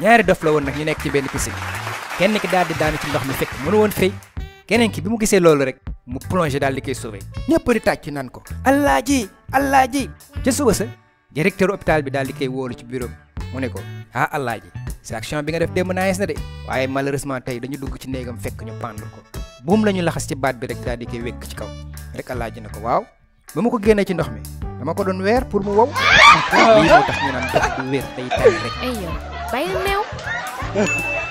ñaari dof la woon nag ñu nekk ci benn piscine kenn ki daal di daanu ci ndox mi fekk mënu woon fay keneen ki bi mu gisee loolu rek mu plongé daal di koy sauvé ñëpp di tàcc naan ko allah ji allah ji ca suba sa directeur hôpital bi daal di koy wóolu ci bureau mu ne ko ah allah ji sa action bi nga def démb naes na de waaye malheureusement tey dañu dugg ci néegam fekk ñu pendre ko buum la ñu laxas ci baat bi rek daal di koy wékk ci kaw rek allah ji na ko waaw ba ma ko génnee ci ndox mi dama ko doon weer pour mu wow lii bay new